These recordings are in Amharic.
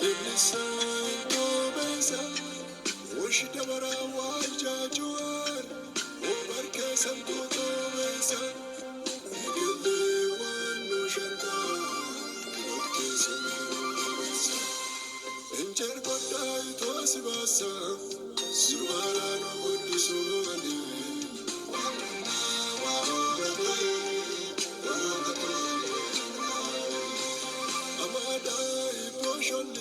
Iblisa dobeza Woshita bara waja juar Obarke santo dobeza Ubele wano shanta Kinokte santo dobeza Encher kota ito asibasa Surubara no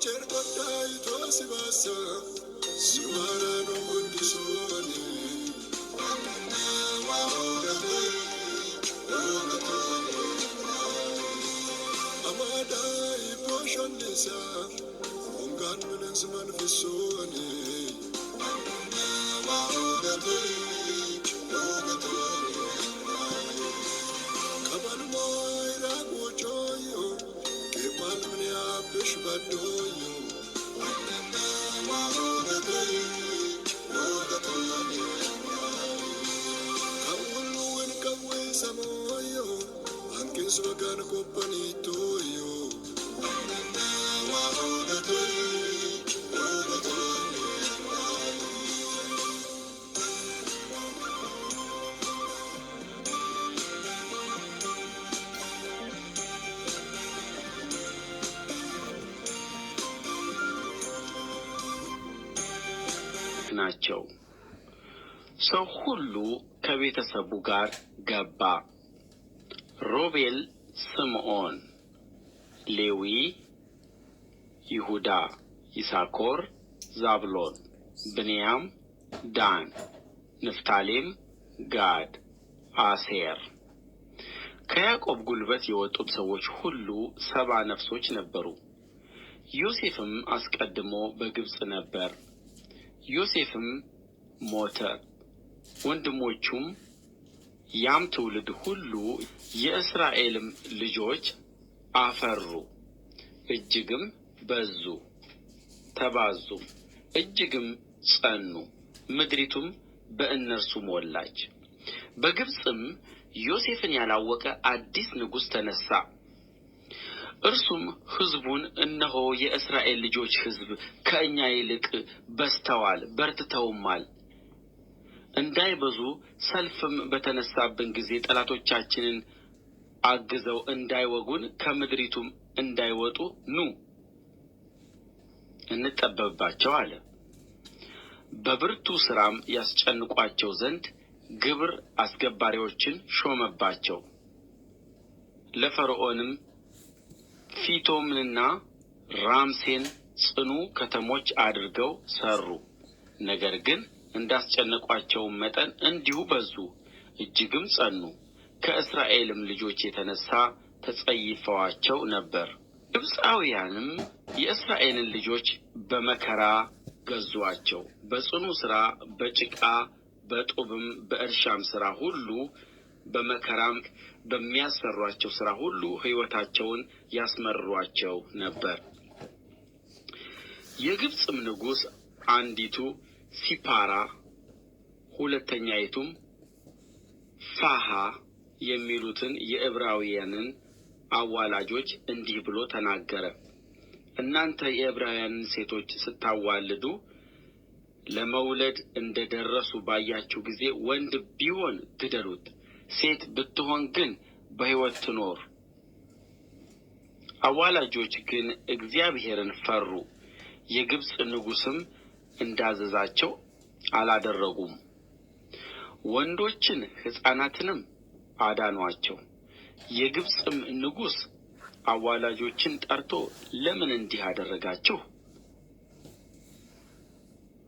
cualquier cosa y todo se pasa. Sumara no condicione. Amada ipo shondesa. Ungan menen zaman fisso. ናቸው። ሰው ሁሉ ከቤተሰቡ ጋር ገባ። ሮቤል፣ ስምዖን፣ ሌዊ፣ ይሁዳ፣ ይሳኮር፣ ዛብሎን፣ ብንያም፣ ዳን፣ ንፍታሌም፣ ጋድ፣ አሴር። ከያዕቆብ ጉልበት የወጡት ሰዎች ሁሉ ሰባ ነፍሶች ነበሩ። ዮሴፍም አስቀድሞ በግብፅ ነበር። ዮሴፍም ሞተ፣ ወንድሞቹም ያም ትውልድ ሁሉ የእስራኤልም ልጆች አፈሩ፣ እጅግም በዙ፣ ተባዙ እጅግም ጸኑ፣ ምድሪቱም በእነርሱ ሞላች። በግብፅም ዮሴፍን ያላወቀ አዲስ ንጉሥ ተነሣ። እርሱም ሕዝቡን እነሆ የእስራኤል ልጆች ሕዝብ ከእኛ ይልቅ በዝተዋል በርትተውማል እንዳይበዙ ሰልፍም በተነሣብን ጊዜ ጠላቶቻችንን አግዘው እንዳይወጉን ከምድሪቱም እንዳይወጡ ኑ እንጠበብባቸው አለ። በብርቱ ሥራም ያስጨንቋቸው ዘንድ ግብር አስገባሪዎችን ሾመባቸው። ለፈርዖንም ፊቶምንና ራምሴን ጽኑ ከተሞች አድርገው ሠሩ። ነገር ግን እንዳስጨነቋቸውም መጠን እንዲሁ በዙ፣ እጅግም ጸኑ። ከእስራኤልም ልጆች የተነሣ ተጸይፈዋቸው ነበር። ግብፃውያንም የእስራኤልን ልጆች በመከራ ገዙአቸው። በጽኑ ሥራ፣ በጭቃ በጡብም በእርሻም ሥራ ሁሉ በመከራም በሚያሰሯቸው ሥራ ሁሉ ሕይወታቸውን ያስመሯቸው ነበር። የግብፅም ንጉሥ አንዲቱ ሲፓራ ሁለተኛይቱም ፋሃ የሚሉትን የዕብራውያንን አዋላጆች እንዲህ ብሎ ተናገረ። እናንተ የዕብራውያንን ሴቶች ስታዋልዱ ለመውለድ እንደ ደረሱ ባያችሁ ጊዜ ወንድ ቢሆን ግደሉት፣ ሴት ብትሆን ግን በሕይወት ትኖር። አዋላጆች ግን እግዚአብሔርን ፈሩ፣ የግብፅ ንጉሥም እንዳዘዛቸው አላደረጉም። ወንዶችን ሕፃናትንም አዳኗቸው። የግብፅም ንጉሥ አዋላጆችን ጠርቶ ለምን እንዲህ አደረጋችሁ?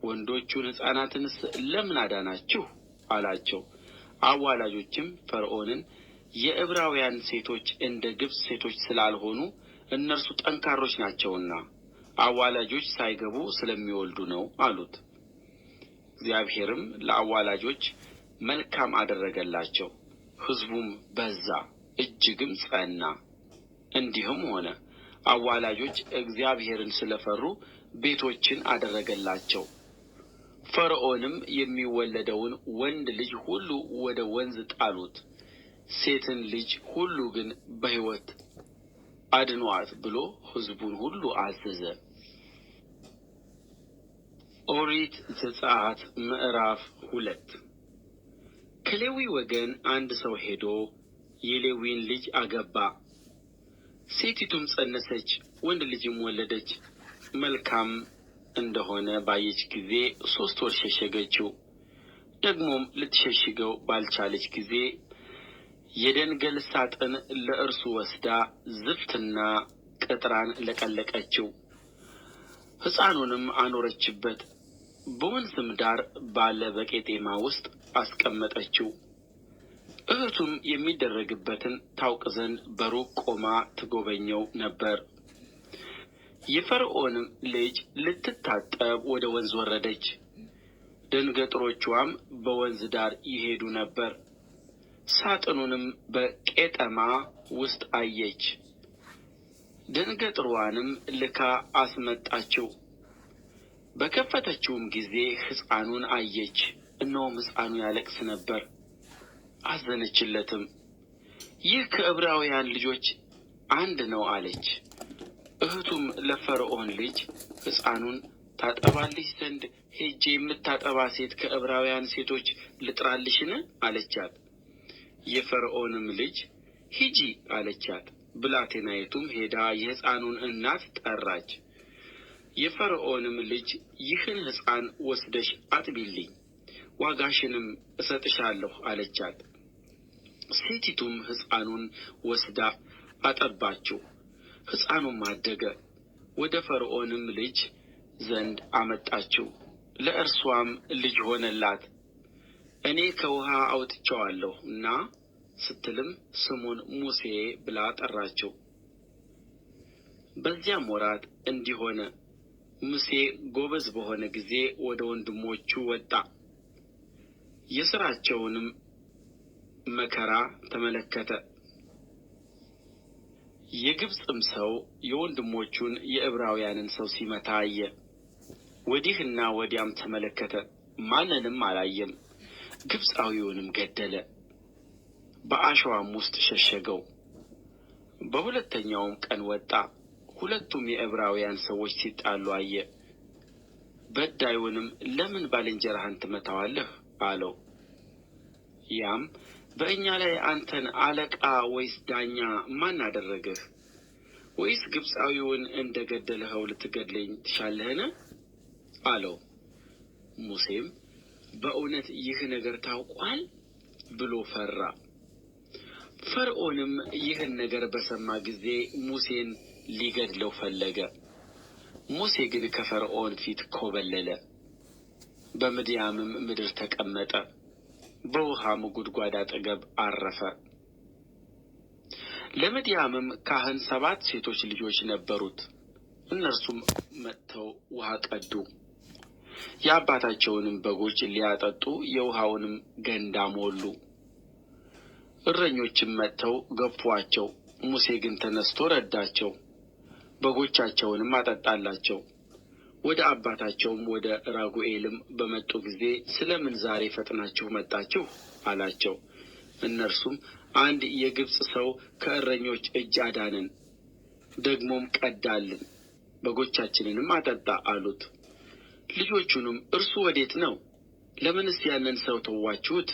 ወንዶቹን ሕፃናትንስ ለምን አዳናችሁ? አላቸው። አዋላጆችም ፈርዖንን የዕብራውያን ሴቶች እንደ ግብፅ ሴቶች ስላልሆኑ እነርሱ ጠንካሮች ናቸውና አዋላጆች ሳይገቡ ስለሚወልዱ ነው አሉት። እግዚአብሔርም ለአዋላጆች መልካም አደረገላቸው። ሕዝቡም በዛ እጅግም ጸና። እንዲህም ሆነ አዋላጆች እግዚአብሔርን ስለፈሩ ቤቶችን አደረገላቸው። ፈርዖንም የሚወለደውን ወንድ ልጅ ሁሉ ወደ ወንዝ ጣሉት ሴትን ልጅ ሁሉ ግን በሕይወት አድኑአት ብሎ ሕዝቡን ሁሉ አዘዘ። ኦሪት ዘጽአት ምዕራፍ ሁለት ከሌዊ ወገን አንድ ሰው ሄዶ የሌዊን ልጅ አገባ። ሴቲቱም ጸነሰች፣ ወንድ ልጅም ወለደች። መልካም እንደሆነ ባየች ጊዜ ሦስት ወር ሸሸገችው። ደግሞም ልትሸሽገው ባልቻለች ጊዜ የደንገል ሣጥን ለእርሱ ወስዳ ዝፍትና ቅጥራን ለቀለቀችው፣ ሕፃኑንም አኖረችበት፣ በወንዝም ዳር ባለ በቄጤማ ውስጥ አስቀመጠችው። እህቱም የሚደረግበትን ታውቅ ዘንድ በሩቅ ቆማ ትጎበኘው ነበር። የፈርዖንም ልጅ ልትታጠብ ወደ ወንዝ ወረደች። ደንገጥሮቿም በወንዝ ዳር ይሄዱ ነበር። ሳጥኑንም በቄጠማ ውስጥ አየች። ደንገጥሯንም ልካ አስመጣችው። በከፈተችውም ጊዜ ሕፃኑን አየች። እነሆም ሕፃኑ ያለቅስ ነበር። አዘነችለትም። ይህ ከዕብራውያን ልጆች አንድ ነው አለች። እህቱም ለፈርዖን ልጅ ሕፃኑን ታጠባልሽ ዘንድ ሄጄ የምታጠባ ሴት ከዕብራውያን ሴቶች ልጥራልሽን አለቻት። የፈርዖንም ልጅ ሂጂ አለቻት። ብላቴናይቱም ሄዳ የሕፃኑን እናት ጠራች። የፈርዖንም ልጅ ይህን ሕፃን ወስደሽ አጥቢልኝ፣ ዋጋሽንም እሰጥሻለሁ አለቻት። ሴቲቱም ሕፃኑን ወስዳ አጠባችው። ሕፃኑም አደገ። ወደ ፈርዖንም ልጅ ዘንድ አመጣችው፣ ለእርሷም ልጅ ሆነላት። እኔ ከውኃ አውጥቼዋለሁና ስትልም ስሙን ሙሴ ብላ ጠራችው። በዚያም ወራት እንዲህ ሆነ፣ ሙሴ ጎበዝ በሆነ ጊዜ ወደ ወንድሞቹ ወጣ። የሥራቸውንም መከራ ተመለከተ። የግብፅም ሰው የወንድሞቹን የዕብራውያንን ሰው ሲመታ አየ። ወዲህና ወዲያም ተመለከተ፣ ማንንም አላየም። ግብፃዊውንም ገደለ፣ በአሸዋም ውስጥ ሸሸገው። በሁለተኛውም ቀን ወጣ፣ ሁለቱም የዕብራውያን ሰዎች ሲጣሉ አየ። በዳዩንም ለምን ባልንጀራህን ትመታዋለህ? አለው። ያም በእኛ ላይ አንተን አለቃ ወይስ ዳኛ ማን አደረግህ? ወይስ ግብፃዊውን እንደ ገደልኸው ልትገድለኝ ትሻለህን? አለው። ሙሴም በእውነት ይህ ነገር ታውቋል ብሎ ፈራ። ፈርዖንም ይህን ነገር በሰማ ጊዜ ሙሴን ሊገድለው ፈለገ። ሙሴ ግን ከፈርዖን ፊት ኮበለለ፣ በምድያምም ምድር ተቀመጠ። በውኃም ጕድጓድ አጠገብ ዐረፈ። ለምድያምም ካህን ሰባት ሴቶች ልጆች ነበሩት። እነርሱም መጥተው ውኃ ቀዱ፣ የአባታቸውንም በጎች ሊያጠጡ የውኃውንም ገንዳ ሞሉ። እረኞችም መጥተው ገፉአቸው። ሙሴ ግን ተነሥቶ ረዳቸው፣ በጎቻቸውንም አጠጣላቸው። ወደ አባታቸውም ወደ ራጉኤልም በመጡ ጊዜ ስለ ምን ዛሬ ፈጥናችሁ መጣችሁ? አላቸው። እነርሱም አንድ የግብፅ ሰው ከእረኞች እጅ አዳነን፣ ደግሞም ቀዳልን፣ በጎቻችንንም አጠጣ አሉት። ልጆቹንም እርሱ ወዴት ነው? ለምንስ ያንን ሰው ተዋችሁት?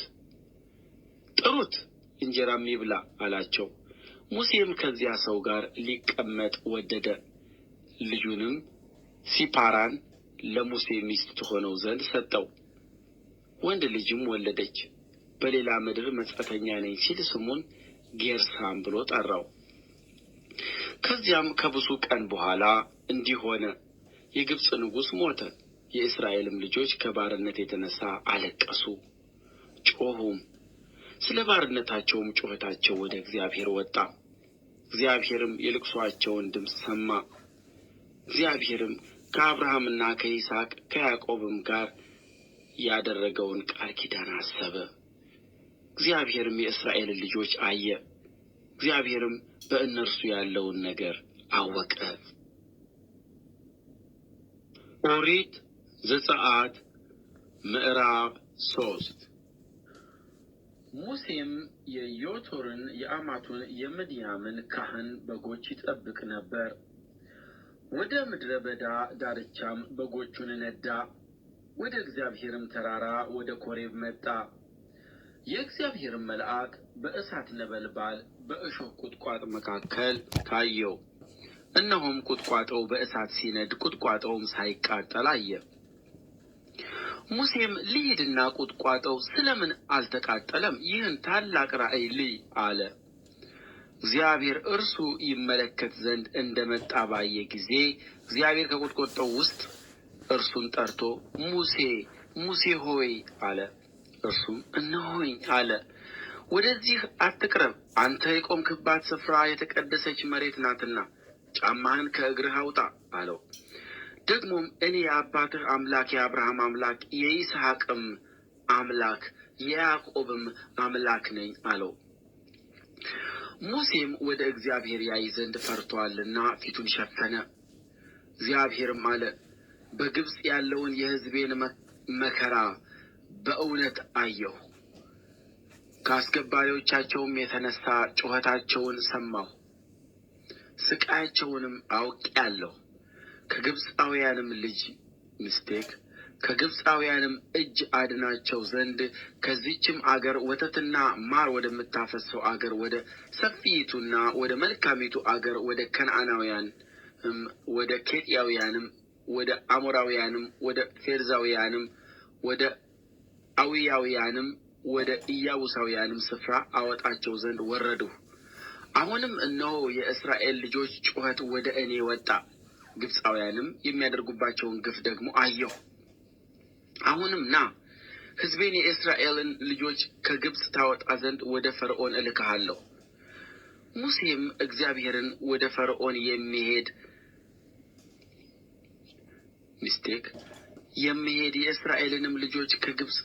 ጥሩት፣ እንጀራም ይብላ አላቸው። ሙሴም ከዚያ ሰው ጋር ሊቀመጥ ወደደ። ልጁንም ሲፓራን ለሙሴ ሚስት ትሆነው ዘንድ ሰጠው። ወንድ ልጅም ወለደች። በሌላ ምድር መጻተኛ ነኝ ሲል ስሙን ጌርሳም ብሎ ጠራው። ከዚያም ከብዙ ቀን በኋላ እንዲህ ሆነ። የግብፅ ንጉሥ ሞተ። የእስራኤልም ልጆች ከባርነት የተነሣ አለቀሱ፣ ጮኹም። ስለ ባርነታቸውም ጩኸታቸው ወደ እግዚአብሔር ወጣ። እግዚአብሔርም የልቅሶአቸውን ድምፅ ሰማ። እግዚአብሔርም ከአብርሃምና ከይስሐቅ ከያዕቆብም ጋር ያደረገውን ቃል ኪዳን አሰበ። እግዚአብሔርም የእስራኤልን ልጆች አየ። እግዚአብሔርም በእነርሱ ያለውን ነገር አወቀ። ኦሪት ዘጸአት ምዕራፍ ሶስት ሙሴም የዮቶርን የአማቱን የምድያምን ካህን በጎች ይጠብቅ ነበር። ወደ ምድረ በዳ ዳርቻም በጎቹን ነዳ። ወደ እግዚአብሔርም ተራራ ወደ ኮሬብ መጣ። የእግዚአብሔርም መልአክ በእሳት ነበልባል በእሾህ ቁጥቋጦ መካከል ታየው። እነሆም ቁጥቋጦው በእሳት ሲነድ ቁጥቋጦውም ሳይቃጠል አየ። ሙሴም ልሂድና ቁጥቋጦው ስለምን አልተቃጠለም? ይህን ታላቅ ራእይ ልይ አለ። እግዚአብሔር እርሱ ይመለከት ዘንድ እንደመጣ ባየ ጊዜ እግዚአብሔር ከቍጥቋጦው ውስጥ እርሱን ጠርቶ ሙሴ ሙሴ ሆይ አለ። እርሱም እነሆኝ አለ። ወደዚህ አትቅረብ፣ አንተ የቆምክባት ስፍራ የተቀደሰች መሬት ናትና ጫማህን ከእግርህ አውጣ አለው። ደግሞም እኔ የአባትህ አምላክ የአብርሃም አምላክ የይስሐቅም አምላክ የያዕቆብም አምላክ ነኝ አለው። ሙሴም ወደ እግዚአብሔር ያይ ዘንድ ፈርቶአልና ፊቱን ሸፈነ። እግዚአብሔርም አለ፣ በግብፅ ያለውን የሕዝቤን መከራ በእውነት አየሁ፣ ከአስገባሪዎቻቸውም የተነሣ ጩኸታቸውን ሰማሁ፣ ሥቃያቸውንም አውቄአለሁ። ከግብፃውያንም ልጅ ሚስቴክ ከግብፃውያንም እጅ አድናቸው ዘንድ ከዚችም አገር ወተትና ማር ወደምታፈሰው አገር ወደ ሰፊይቱና ወደ መልካሚቱ አገር ወደ ከነዓናውያንም ወደ ኬጢያውያንም ወደ አሞራውያንም ወደ ፌርዛውያንም ወደ አዊያውያንም ወደ ኢያቡሳውያንም ስፍራ አወጣቸው ዘንድ ወረድሁ። አሁንም እነሆ የእስራኤል ልጆች ጩኸት ወደ እኔ ወጣ፣ ግብፃውያንም የሚያደርጉባቸውን ግፍ ደግሞ አየሁ። አሁንም ና ሕዝቤን የእስራኤልን ልጆች ከግብፅ ታወጣ ዘንድ ወደ ፈርዖን እልክሃለሁ። ሙሴም እግዚአብሔርን ወደ ፈርዖን የሚሄድ ሚስቴክ የምሄድ የእስራኤልንም ልጆች ከግብፅ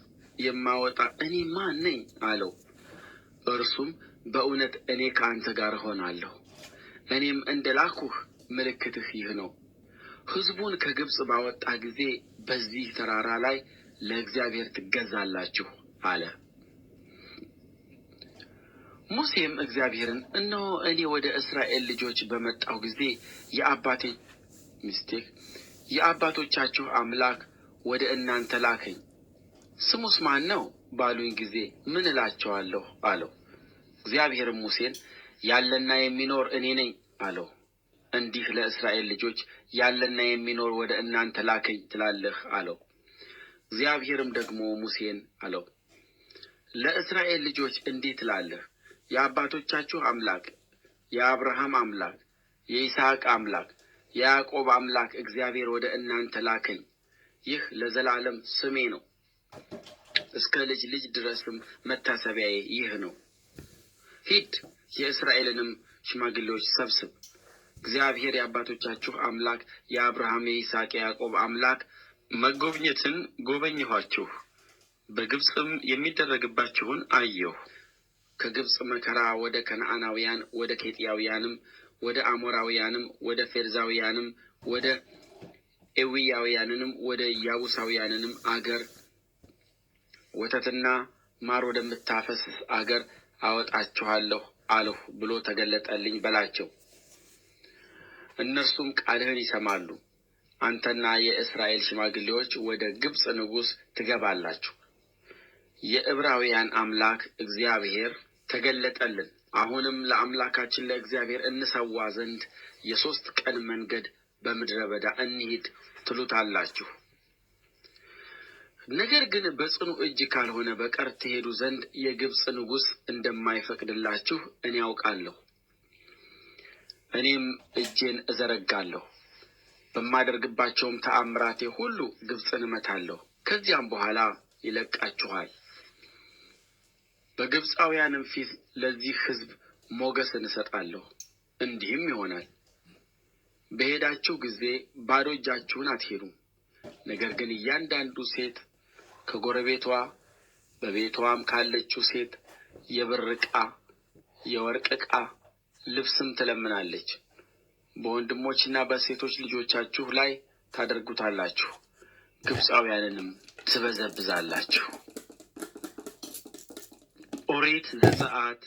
የማወጣ እኔ ማን ነኝ አለው። እርሱም በእውነት እኔ ከአንተ ጋር እሆናለሁ፣ እኔም እንደ ላኩህ ምልክትህ ይህ ነው። ሕዝቡን ከግብፅ ባወጣ ጊዜ በዚህ ተራራ ላይ ለእግዚአብሔር ትገዛላችሁ አለ። ሙሴም እግዚአብሔርን እነሆ እኔ ወደ እስራኤል ልጆች በመጣሁ ጊዜ የአባቴ ሚስቴክ የአባቶቻችሁ አምላክ ወደ እናንተ ላከኝ ስሙስ ማን ነው ባሉኝ ጊዜ ምን እላቸዋለሁ? አለው። እግዚአብሔርም ሙሴን ያለና የሚኖር እኔ ነኝ አለው። እንዲህ ለእስራኤል ልጆች ያለና የሚኖር ወደ እናንተ ላከኝ ትላለህ አለው። እግዚአብሔርም ደግሞ ሙሴን አለው፣ ለእስራኤል ልጆች እንዲህ ትላለህ የአባቶቻችሁ አምላክ የአብርሃም አምላክ የይስሐቅ አምላክ የያዕቆብ አምላክ እግዚአብሔር ወደ እናንተ ላከኝ። ይህ ለዘላለም ስሜ ነው፣ እስከ ልጅ ልጅ ድረስም መታሰቢያዬ ይህ ነው። ሂድ የእስራኤልንም ሽማግሌዎች ሰብስብ፣ እግዚአብሔር የአባቶቻችሁ አምላክ የአብርሃም የይስሐቅ የያዕቆብ አምላክ መጎብኘትን ጎበኘኋችሁ፣ በግብፅም የሚደረግባችሁን አየሁ። ከግብፅ መከራ ወደ ከነዓናውያን ወደ ኬጢያውያንም ወደ አሞራውያንም ወደ ፌርዛውያንም ወደ ኤዊያውያንንም ወደ ያቡሳውያንንም አገር ወተትና ማር ወደምታፈስስ አገር አወጣችኋለሁ አለሁ ብሎ ተገለጠልኝ በላቸው። እነርሱም ቃልህን ይሰማሉ። አንተና የእስራኤል ሽማግሌዎች ወደ ግብፅ ንጉሥ ትገባላችሁ። የዕብራውያን አምላክ እግዚአብሔር ተገለጠልን። አሁንም ለአምላካችን ለእግዚአብሔር እንሰዋ ዘንድ የሦስት ቀን መንገድ በምድረ በዳ እንሂድ ትሉታላችሁ። ነገር ግን በጽኑ እጅ ካልሆነ በቀር ትሄዱ ዘንድ የግብፅ ንጉሥ እንደማይፈቅድላችሁ እኔ አውቃለሁ። እኔም እጄን እዘረጋለሁ፣ በማደርግባቸውም ተአምራቴ ሁሉ ግብፅን እመታለሁ። ከዚያም በኋላ ይለቃችኋል። በግብፃውያንም ፊት ለዚህ ሕዝብ ሞገስን እሰጣለሁ። እንዲህም ይሆናል፣ በሄዳችሁ ጊዜ ባዶ እጃችሁን አትሄዱም። ነገር ግን እያንዳንዱ ሴት ከጎረቤቷ በቤቷም ካለችው ሴት የብር ዕቃ፣ የወርቅ ዕቃ ልብስም ትለምናለች። በወንድሞችና በሴቶች ልጆቻችሁ ላይ ታደርጉታላችሁ፣ ግብፃውያንንም ትበዘብዛላችሁ። ኦሪት ዘፀአት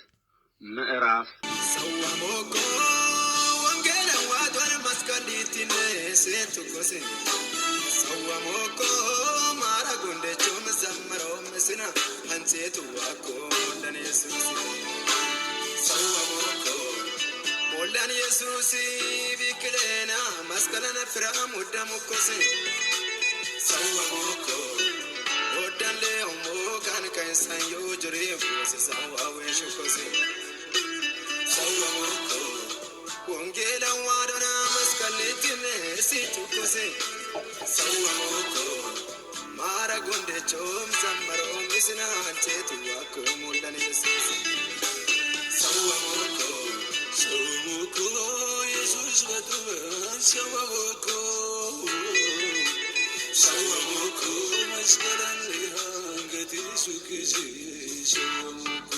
ምዕራፍ ሰዋሞኮ mollan yesuusi biqileena maskalana firaam odda mokkosi sawwa mokko oddanlee ommoo kan kainsan yoo jiree fuusi sawwa weeshikosi sawwa mokko wongeela waadona maskalleettime si cukkosi sawwa mokko maara gondechoom sammaroom isinaan ceetu akkoo mollan yesuusi sawwa mokko Савуко, Иисус, ветровен, Савуко, Савуко, Маскаран, Лихангати, Сукизи, Савуко.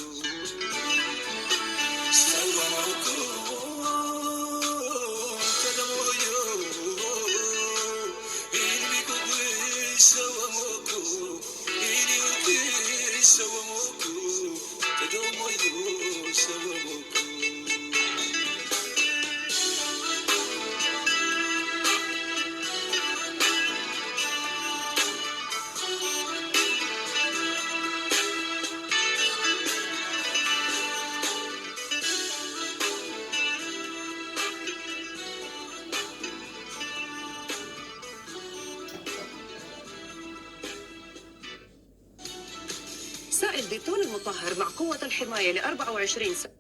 الزيتون المطهر مع قوة الحماية ل 24 ساعة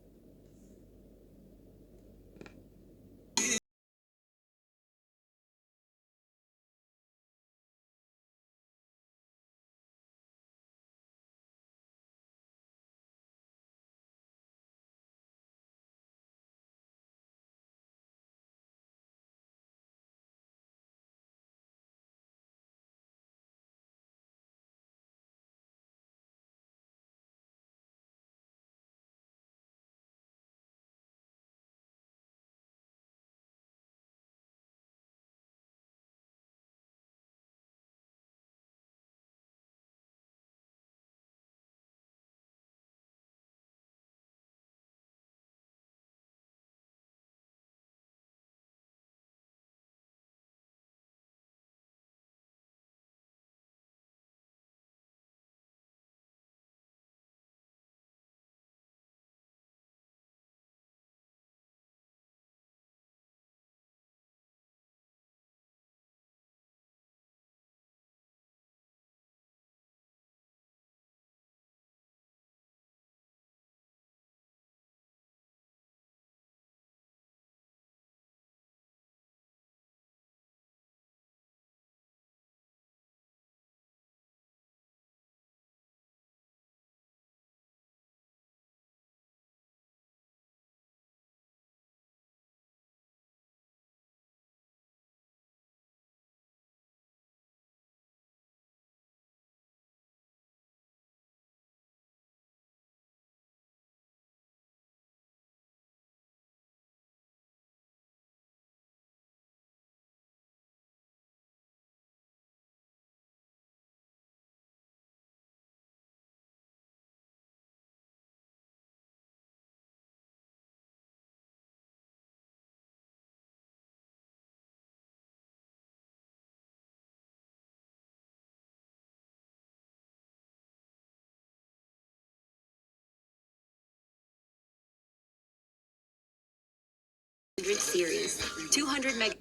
series, 200 meg.